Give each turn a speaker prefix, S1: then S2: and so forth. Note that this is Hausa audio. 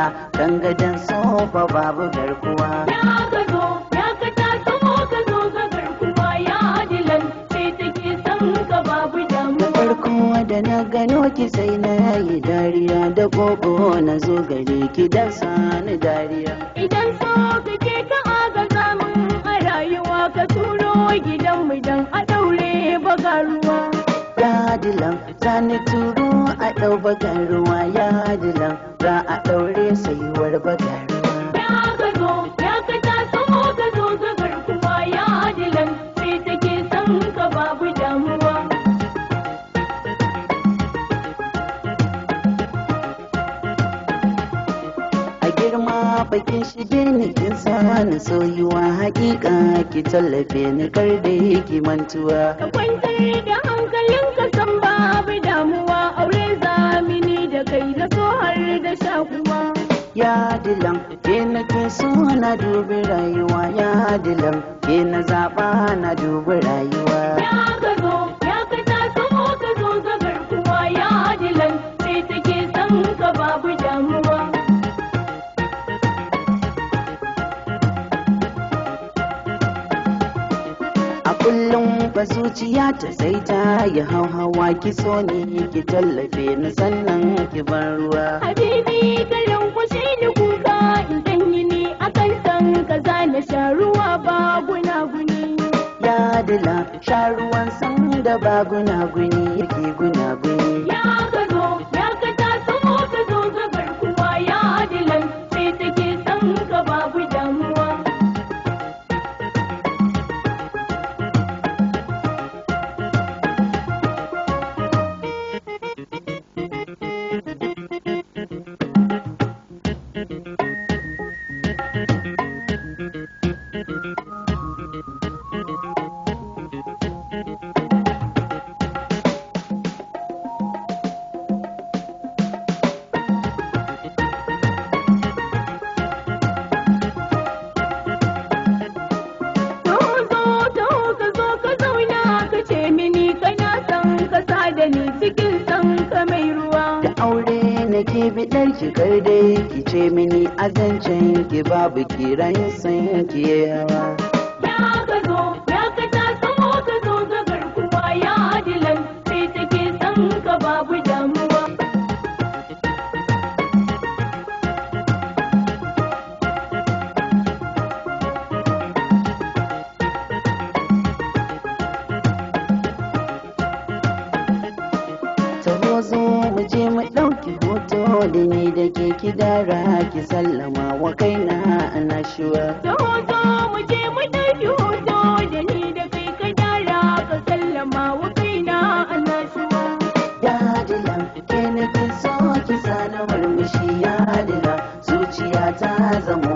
S1: kara kan gadon sofa babu garkuwa da na gano ki sai na yi dariya da koko na zo gare ki da sani dariya
S2: idan so kake ka agaza mun a rayuwa ka turo gidan mu dan a daure ba ruwa
S1: dadilan sani turo a ɗau bagan ruwa ya adilan za a ɗaure sayuwar bagan bakin shige ni kin na soyuwa hakika ki tallafe ni kar da yake mantuwa
S2: ka kwantar da hankalin ka san babu da
S1: ya dilam ke na ke so na dubi rayuwa ya dilam ke na zaba na dubi rayuwa kullum zuciya ta sai ta yi hauhawa ki so ne ki tallafe ni sannan ki bar ruwa
S2: habibi
S1: bila sha ruwan sanyi da ba guni yake guni. ya gado,
S2: ya ka taso ka zo gabar kuwa ya adilan sai take san ka babu damuwa thank
S1: nake bi ki kai dai ki ce mini azancin ki babu kiran san ki hawa.
S2: Ya ka ya
S1: mu zo mu je mu ɗauki hoto da ni da ke dara ki sallama wa kaina ana shuwa. Da
S2: hoto mu je mu ɗauki hoto da ni da kai dara ka sallama wa kaina ana shuwa. Yadila ke nufin so ki sa na murmushi zuciya ta zama.